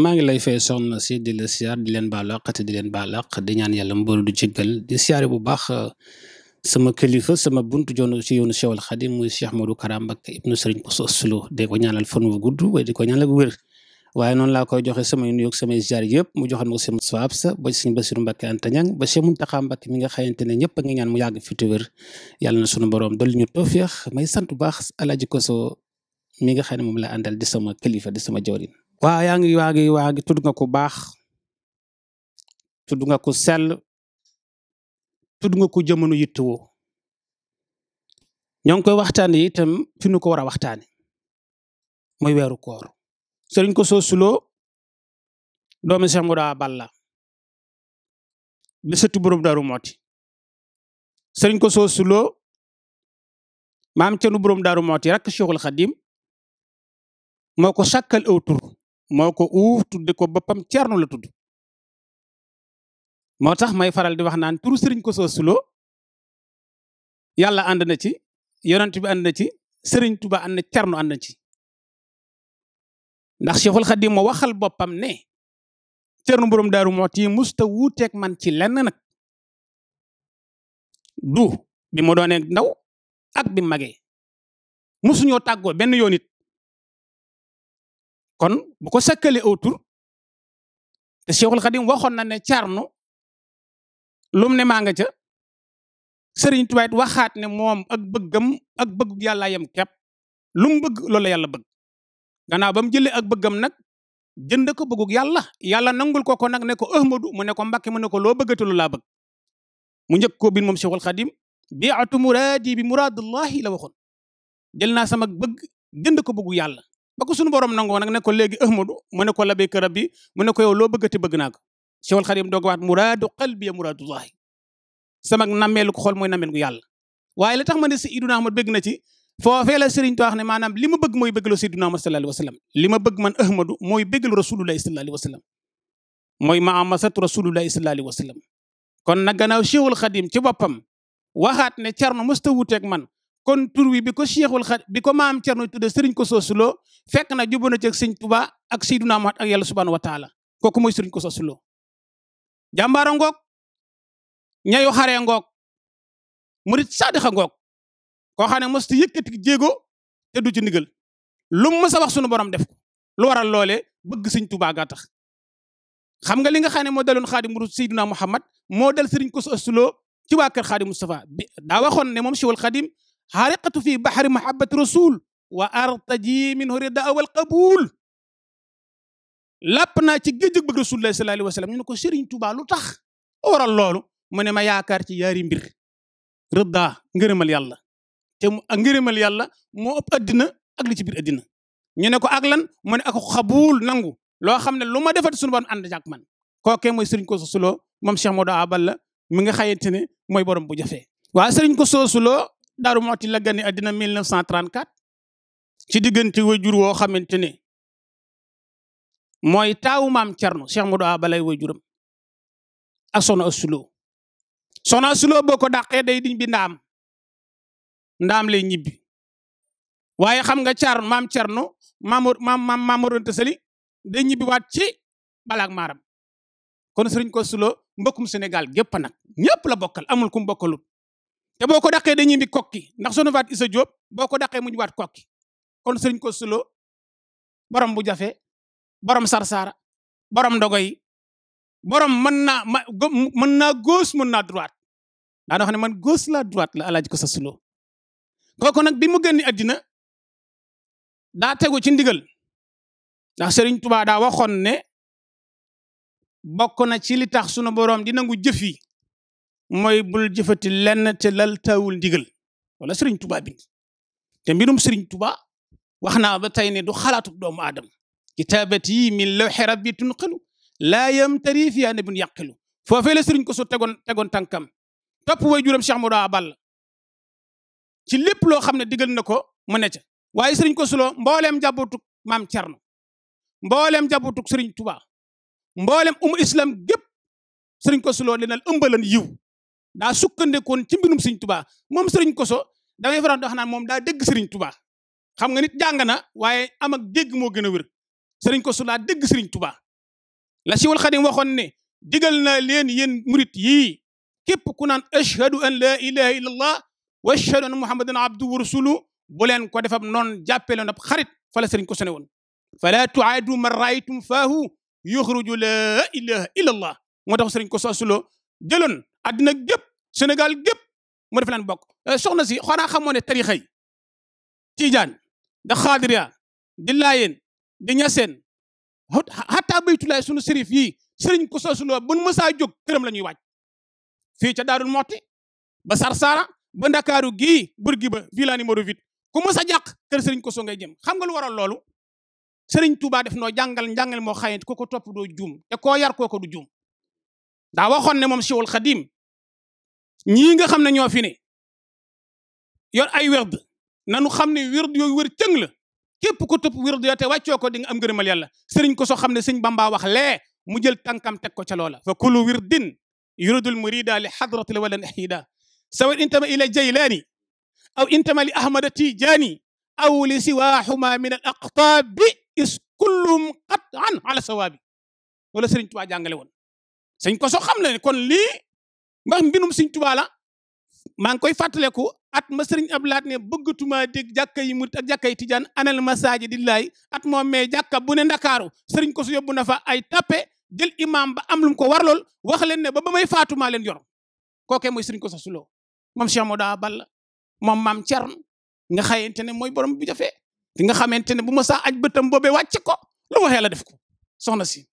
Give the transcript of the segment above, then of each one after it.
maa lay fay soxna si di la siyaar di len balak te di len baalaq di ñaan yalla mboolu du jéggal di siar bu baax sama kalifa sama buntu joonu ci yoonu Cheikhul Khadim muy Cheikh Modou karam bak ibnu serigne Kosso sulu de ko ñaanal fon wu guddu way di ko ñaanal gu wér waye non la koy joxe samay nuyoog sama ziar yëpp mu joxal mo sama seen sa ba sëñ basir mbake Anta ba cheikh Muntaxa mbake mi nga xayantene ñepp nga ñaan mu yag fi te wér yalla na sunu borom dal ñu may sant bu baax mi nga mom la andal di sama kalifa di sama jawrin waaw yaa ngi waa ngi waa ngi tudd nga ku baax tudd nga ku sell tudd nga ku jamono yittewoo ñoo ngi koy waxtaane itam fi nu ko war a waxtaane muy weeru koor sëriñ ko soo suloo doomi Cheikh Mouda Balla di sëtu borom Daaru Mooti sëriñ ko soo suloo maam tenu borom Daaru Mooti rakk Cheikhul Xadim moo ko sàkkal aw tur moo ko uuf tudde ko boppam Ceerno la tudd moo tax may faral di wax naan turu sëriñ ko Sulo yàlla ànd na ci yonent bi ànd na ci sëriñ Tuba ànd na Ceerno ànd na ci ndax Cheikhul Khadim moo waxal boppam ne Ceerno borom Daaru Muxti musta wuuteeg man ci lenn nag du bi mu ndaw ak bi magee musuñoo tàggoo benn yoon it kon bu ko sakkale aw tur Xadim waxoon na ne carnu lum ne maa nga ca Sëriñ Tuubaa it waxaat ne moom ak bëggam ak bëgg yàlla yem kepp lu bëgg loolu la yàlla bëgg gannaaw ba mu jëlee ak bëggam nag jënd ko bëggug yàlla yàlla nangul ko ko nag ne ko Ahmadu mu ne ko Mbàkke mu ne ko loo bëggate lu laa bëgg mu njëkk koo bin moom Cheikhul Xadim biatu muraadi bi muraadullahi la waxoon jël naa sama bëgg jënd ko bëggu yàlla bako suñu borom nango nak ne ko legi ahmadu mu ne ko labbayka rabbi mu ne ko yow loo bëggati bëgg nak ko Cheikhul Khadim doog waat muraadu qalbi ya allah sama namel ko xol moy namel gu yàlla waye la tax ma ci iduna Ahmad bëgg na ci fofé la Serigne Touba wax ne maanaam li ma bëgg mooy bëggalu Seydina Ahmad sallallahu alayhi wasallam lima li bëgg man ahmadu moy mooy lo rasulullah sallallahu alayhi wasallam moy ma amasat rasulullah sallallahu alayhi wasallam kon na gannaaw Cheikhul Khadim ci bopam waxat ne Cerno mustawutek man kon tour wi bi cheikhul khat bi ko maam Cerno tudde Serigne ko soslo fek na djubuna ci Serigne Touba ak sayyiduna Muhammad ak yalla subhanahu wa taala koku moy Serigne ko soslo jambaro ngok ñayu xare ngok murid sadikha ngok ko xane ne mosta yëkkati jéego te du ci ndigal lu mu sa wax sunu borom def ko lu waral lolé bëgg Serigne Touba ga tax xam nga li nga xane mo dalun daloon xaadim ru Seydina Muhammad dal Serigne ko soslo ci wa kër khadim mustafa da ne هرقت في بحر محبة رسول وأرتجي منه رداء والقبول لبنا تجيجك برسول الله صلى الله عليه وسلم ينكو سيرين توبا لطخ أورا اللولو من ما يأكار تياري مبير رضا نغرم اليالا نغرم اليالا مو أب أدنى أقلي تبير ينكو أقلن من أكو خبول نانغو لو خمنا لما دفت سنبان أن جاك من كو كي مو سيرين كو سسولو ممشي مودا أبالا من غير خيانتني مو يبرم بوجفه wa serigne ko Daaru Muxti la gane àddina 1934 ci diggante wajur woo xamante ne mooy taawu maam Cerno Cheikh Modou balay Balla wajuram ak soxna Asuloo soxna Asuloo boo ko dàqee day diñ bi am ndam lay ñibbi waaye xam nga mam maam Cerno maam maam maamorante sali day ñibbi waat ci balaak maaram kon sëriñ ko sulo mbokkum senegal gépp nag ñëpp la bokkal amul kum bokkalut te boo ko daqee dañuy indi kokki ndax sunu waat Issa Diop boo ko daqee muñu waat kokki kon sëriñ ko sulo borom bu jafe borom sarsara borom ndogo yi borom mën naa ma mën naa gauche mën naa droite daanaka xam ne man gauche la droite la alaaji ko sa sulo kooku nag bi mu génn àddina daa tegu ci ndigal ndax Serigne Touba daa waxoon ne bokk na ci li tax sunu borom di nangu jëf yi moy bul jëfëti lenn ci lal tawul ndigal wala Serigne Touba bi te mbirum Serigne Touba waxna ba tay ni du xalaatu doomu adam kitabati min lawh rabbi tunqalu la yamtari fi an ibn yaqilu foofee le Serigne ko so tegon tegon tànkam top way juram Cheikh mouda Abal ci lépp lo xamne digal nako ko mu ne ca waye Serigne ko solo mbollem jàbbootug mam tierno mbollem jàbbootug Serigne Touba mbollem um islam gep Serigne ko solo lenal ëmbalan yiw daa sukkandikoon ci mbirum serigne touba mom serigne koso damay faral di wax naan mom da deug serigne touba xam nga nit jàng na waaye am ak dégg mo gën wér serigne koso la deug serigne touba la siwul khadim waxon ne digal na len yen murit yi kep ku nan ashhadu an la ilaha illa allah wa ashhadu anna muhammadan abdu wa rasulu bu len ko defam non jàppee leen ab xarit fa la serigne koso ne woon fala tuaadu man raaytum faahu yuxruju laa ilaha illallah moo tax sëriñ koso suloo jëloon addina gépp Sénégal gépp mu def leen bokk eh, soxna si xanaa xamoo ne tarixa yi tiijaan da xaadiriya di laayeen di ñaseen xataa baytulaay sunu sërif yii sëriñ ko sosuloo bu nu mësaa jóg këram la ñuy wàcc fii ca daarul moxti ba sarsaara ba ndakaaru gii burgi ba fii laa numéro huit ku mës a jàq kër ko so ngay jëm xam nga lu waral loolu sëriñ Touba def noo jàngal njàngal moo xayante ko ko topp doo juum te koo yar kooko du juum da waxon ne mom siwul khadim ñi nga xamne ño fi ne yor ay werd nanu xamne werd wird yooyu teeng la kep ko top werd yoo te ko di nga am gëremal yàlla sëriñ ko so xamne ne bamba wax le mu jël tànkam tek ko ci lola fa kullu wirdin yuridu murida li xadratil walan ahida sawa intama ila jaylaani aw intama li ahmada tijaani aw li siwaaxuma min al aqtaabi is kullum qatan ala sawaabi loola sëriñ tubaa jàngale sëñ koso xam na ne kon lii mbax mbinum sëñ Tuubaa la maa ngi koy fàttaleku at ma sëriñ ablaat ne bëggatumaa dégg jàkka yi murit ak jàkka yi tijaan anal masaaji dillaay at moom mais jàkka bu ne ndakaaru sëriñ koso yóbbu na fa ay tappe jël imaam ba am lu ko warlool wax leen ne ba ba may faatumaa leen yor kookee moy sëriñ koso suloo moom Cheikh Moda Balla moom maam Thierno nga xayante ne mooy borom bu jafe. di nga xamante ne bu ma saa aj bëtam boobee wàcc ko lu waxee la def ko soxna si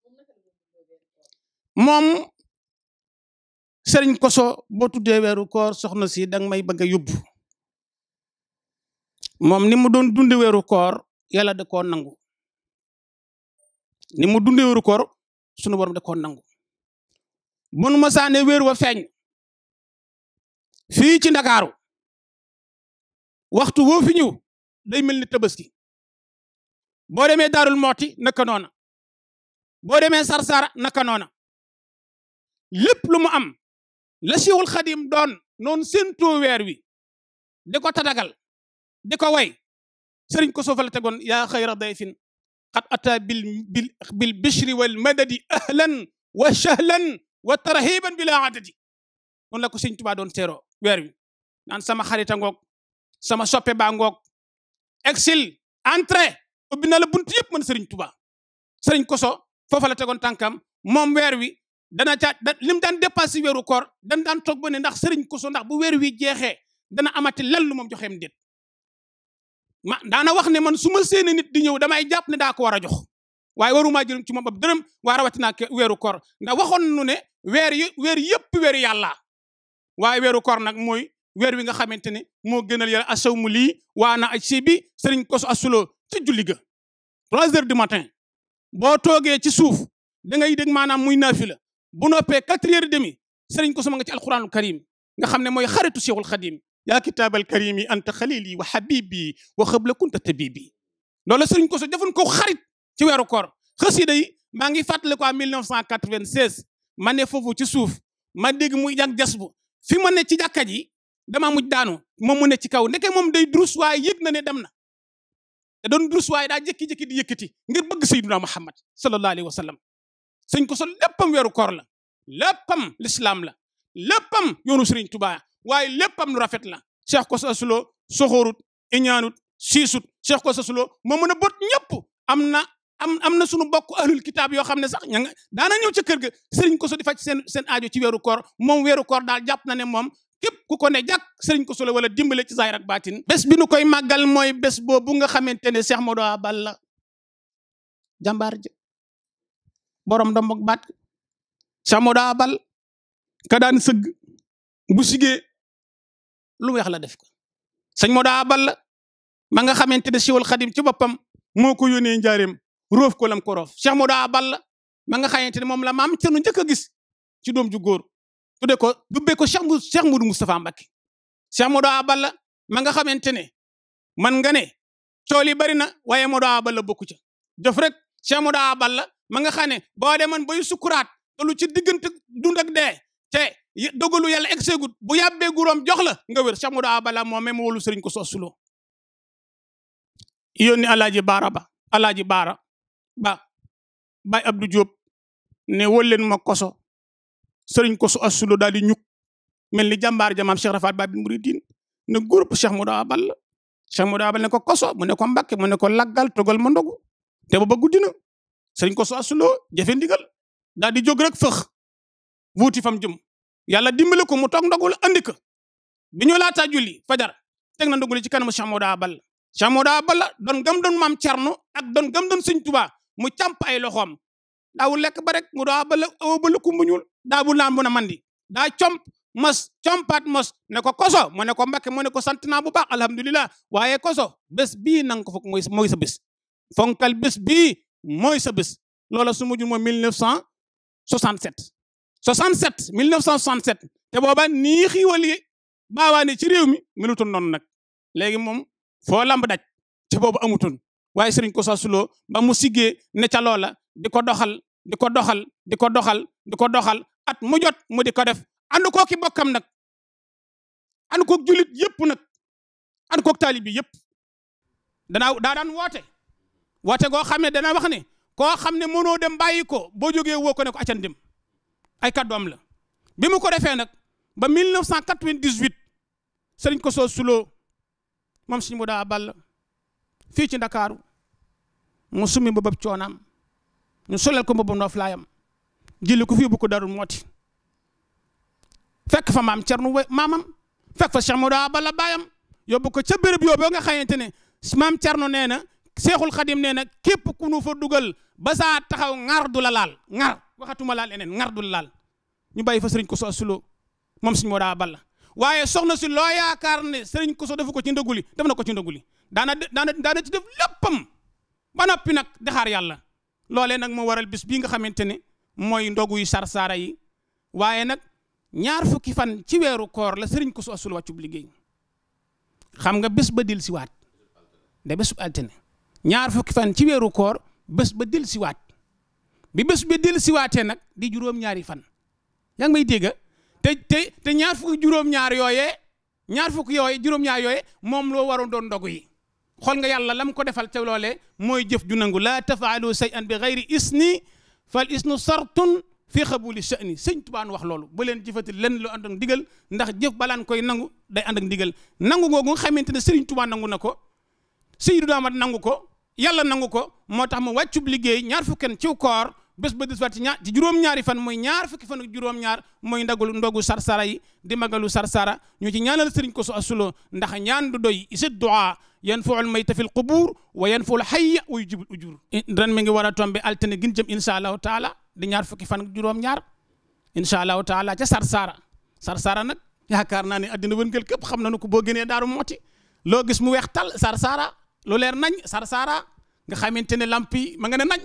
moom sëriñ koso boo tuddee weeru koor soxna si danga may bëgg a yóbbu moom ni mu doon dundi weeru koor yàlla da koo nangu ni mu dundi weeru koor sunu borom da koo nangu bu nu ma saane wéeru wa feeñ fii ci ndakaaru waxtu woo fi ñëw day mel ni tabaski boo demee daarul mooti naka noona boo demee sarsara naka noona lépp lu mu am la siwul khadim don non séntu wer wi diko tadagal diko way serigne ko sofal tegon ya khayra dayfin qad ata bil bil bishri wal madadi ahlan wa shahlan wa tarhiban bila adadi non la ko serigne Tuubaa don seeroo wer wi nan sama xarita ngok sama soppe ba ngok exil entre ubina la buntu yep man serigne Tuubaa serigne koso foofa la tegon tànkam mom wer wi dana caa li mu daan dépassé weeru koor dan daan toog ba ne ndax sëriñ Koso ndax bu weer wi jeexee dana amati lan lu moom joxeem dit ma daana wax ne man suma ma nit di ñëw damay jàpp ne daa ko war a jox waaye warumaa jël ci moom ab dërëm waa rawatina ak weeru koor ndax waxoon nu ne weer yi weer yëpp weer yàlla waaye weeru koor nag mooy weer wi nga xamante ne moo gënal a sew mu li waa na a si bi sëriñ Koso asuloo ci julli trois heures du matin boo toogee ci suuf da ngay maanaam muy naafi la bu noppee quatre heures demi sëriñ ko sama nga ci alquranul karim nga xam ne mooy xaritu cheikhul xadim yaa kitaabal karimi anta xalili wa habibi wa xëbla kunta tabibi loolu sëriñ ko so defuñ ko xarit ci weeru koor xasida yi maa ngi fàttali ko 1996 ma ne foofu ci suuf ma dégg muy jag jas bu fi ma ne ci jàkka ji damaa mujj daanu moom mu ne ci kaw ndeke moom day drus waaye yëg na ne dem na te doon drus waaye daa jékki-jékki di yëkkati ngir bëgg sayyiduna muhammad sallallahu alayhi wa sallam sëñ ko sol léppam weeru koor la léppam lislaam la léppam yoonu sëriñ Tuubaa waaye léppam lu rafet la Cheikh Kosso Aslo soxorut iñaanut siisut Cheikh Kosso Aslo moo mën na bot ñëpp am na am am na sunu bokk ahlul kitaab yoo xam ne sax ña nga daana ñëw ca kër ga sëriñ Kosso di faj seen seen aajo ci weeru koor moom weeru koor daal jàpp na ne moom képp ku ko ne jàkk sëriñ Kosso la wala dimbale ci zaahir ak baatin bés bi nu koy màggal mooy bés boobu nga xamante ne Cheikh Modou Abal la jàmbaar ja borom ndombok baat samo daa bal ka daan sëgg bu sigee lu weex la def ko sëñ moo daa bal ma nga xamante ne siwal xadim ci boppam moo ko yónnee njaareem roof ko lam ko roof Cheikh moo daa bal ma nga xamante ne moom la maam ca njëkk a gis ci doom ju góor tudde ko dubbee ko Cheikh mu Cheikh Moudou Moustapha Mbacké Cheikh moo daa bal ma nga xamante ne man nga ne cool yi bari na waaye moo daa bal ca rek Cheikh moo daa bal ma nga xam ne boo demoon bay sukuraat lu ci diggante dund ak dee te dogalu yàlla egg seegut bu yàbbee guróom jox la nga wér Cheikh Modou Abala moo même wolu sëriñ ko soosuloo yónni alaaji baara ba alaaji baara ba bay Abdou Diop ne wol leen ma koso sëriñ ko su assulo di ñuk mel ni jàmbaar jamaam Cheikh Rafat Ba bi muridin ne groupe Cheikh Modou Abala Cheikh Modou Abala ne ko koso mu ne ko Mbàkke mu ne ko laggal togal ma ndogu te ba ba guddi Sering ko su asuloo jafe ndigal daal di jog rek fëx wuti fam jum, yalla dimbali ko mu tok ndogul andika, biñu bi julli fajar tek na ndogul ci kanam chamoda Bal chamoda Bal don gam don mam charno, ak don gam don sëñ touba mu càmp ay loxoom daawul lekk ba rek mu do bal o bal ku ñul da bu na mandi da champ mas compaat mas ne ko koso mo ne ko mbakke mo ne ko santina bu baax alhamdullilah waye koso bes bi nang ko fuk moy sa bes fonkal bes bi mooy sa bés loola su mujj mooy 1967. 67 1967 te booba nii xiiwal yi baawaane ci réew mi melutoon noonu nag léegi moom foo lamb daj te boobu amutoon waaye ko Kosso Sulo ba mu siggee ne ca loola di ko doxal di ko doxal di ko doxal di ko doxal at mu jot mu di ko def ànd koo ki bokkam nag ànd koog jullit yëpp nag ànd koog taalib bi yëpp woote woote goo xam ne dana wax ne koo xam ne mënoo dem bàyyi ko boo jógee woo ko ne ko acan dem ay kàddoom la bi mu ko defee nag ba 1998 sëriñ ko soo suloo moom suñu mu daa ball fii ci ndakaaru mu summi ba bëb coonaam ñu solal ko mbëbbu noof laayam jilli ko fii bu ko darul mooti fekk fa maam cernu maamam fekk fa Cheikh Modou Abala baayam yóbbu ko ca béréb yooyu ba nga xamante ne maam cernu nee na cheikhul khadim nee kep ku nu fa ngar ba sa taxaw ngar du la lal ngar waxatuma lal enen ngar du lal ñu bayyi fa serigne Koso Asulo mom serigne moda bal waye soxna si lo yaakar ne serigne Koso def ko ci ndëguli def na ko ci dana dana ci def leppam ba yalla lolé nak mo waral bis bi nga xamante moy ndogu yu sarsaara yi waye nak ñaar fukki fan ci wéru koor la serigne Koso Asulo waccu xam nga bis ba dil ci wat ñaar fukki fan ci weeru koor bés ba del siwaat bi bés ba del siwaatee nag di juróom-ñaari fan yaa ngi may dégga te te ñaar fukki juróom-ñaar yooyee ñaar fukki yooyee juróom-ñaar yooyee moom loo waroon doon ndogu yi xool nga yàlla lam ko defal ca loolee mooy jëf ju nangu laa tafaalu say an bi xayri isni fal isnu sartun fi xabuli sha'ni sëñ tubaan wax loolu ba leen jëfati lenn lu ànd ak ndigal ndax jëf balaan koy nangu day ànd ak ndigal nangu googu xamante ne sëriñ tubaan nangu na ko Seydou Damat nangu ko yàlla nangu ko moo tax mu wàccub liggéey ñaar fukkan ciw koor bés ba des waat ci ñaar ci fan mooy ñaar fukki fan juróom-ñaar muy ndagul ndogu sarsara yi di magalu sarsara ñu ci ñaanal sëriñ ko su asuloo ndax ñaan du doy isid duaa yanfaul mayta fil qubuur wa yanfaul hayya wa yujibul ujur ren mi ngi war a tombe altine gin jëm incha allahu taala di ñaar fukki fan juróom-ñaar incha allahu taala ca sarsara sarsara nag yaakaar naa ne addina wëngël képp xam nañu ko boo génnee daaru mooti loo mu weex sarsara lu leer nañ sarsaara nga xamante ne lamp yi ma nga ne nañ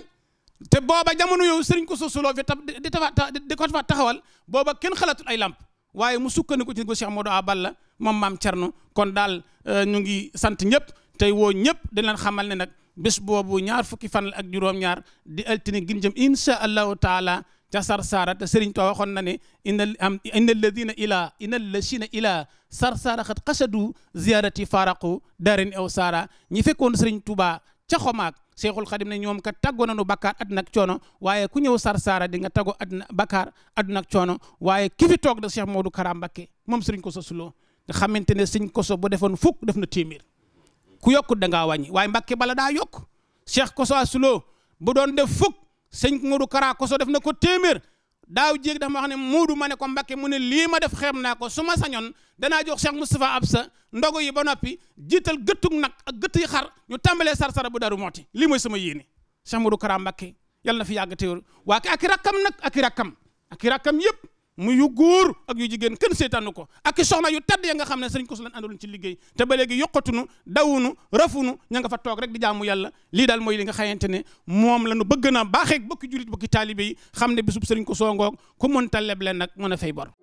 te booba jamono yow sëriñ ko suusuloo fi ta di tafa di ko taxawal booba kenn xalatul ay lamp waaye mu sukkandiku ci ko Cheikh a balla moom maam Cerno kon daal euh, ñu ngi sant ñëpp tey woo ñëpp di leen xamal ne nag bés boobu ñaar fukki fan la ak juróom-ñaar di altine gin jëm incha allahu taala da sarsaara te sëriñ Tuubaa waxoon na ne ina am ina alladina ilaa ina allasina ilaa sarsaara xat xasadu ziyaarati faraqu daarin aw saara ñi fekkoon sëriñ Tuubaa ca xomaak Seexul Xadim ne ñoom kat tàggoo nañu nu àdduna ak coono waaye ku ñëw sarsaara di nga tàggoo àdduna bakkaar àdduna ak coono waaye ki fi toog da Cheikh Modou Kara Mbacké moom sëriñ Kosso Sylo nga xamante ne sëriñ Kosso bu defoon fukk def na téeméer ku yokkut da ngaa wàññi waaye bala daa yokk Cheikh Kosso Sylo bu doon def fukk sëñ Modou Kara Koso def na ko téeméer daaw jéeg dafa ma wax ne Modou ma ne ko Mbacke mu ne lii ma def xeeb naa ko su ma sañoon danaa jox Cheikh Moustapha Absa ndogo yi ba noppi jiital gëttug nag ak gëtt yi xar ñu tàmbalee sarsara bu daru mooti lii mooy sama yéene Cheikh Modou Kara Mbacke yàlla na fi yàgg teewul waa ak i rakkam nag ak i rakkam ak i yëpp mu yu góor ak yu jigéen kenn seetaanu ko ak soxna yu tedd ya nga xam ne sëriñ ko su leen àndaloon ci liggéey te ba léegi yokkatunu dawunu rafunu ña nga fa toog rek di jaamu yàlla lii daal mooy li nga xayante ne moom la nu bëgg naa baaxee bokki jurit bokki taalibe yi xam ne bisub sëriñ ko soo ngoog ku mënta leble nag mën a fay bor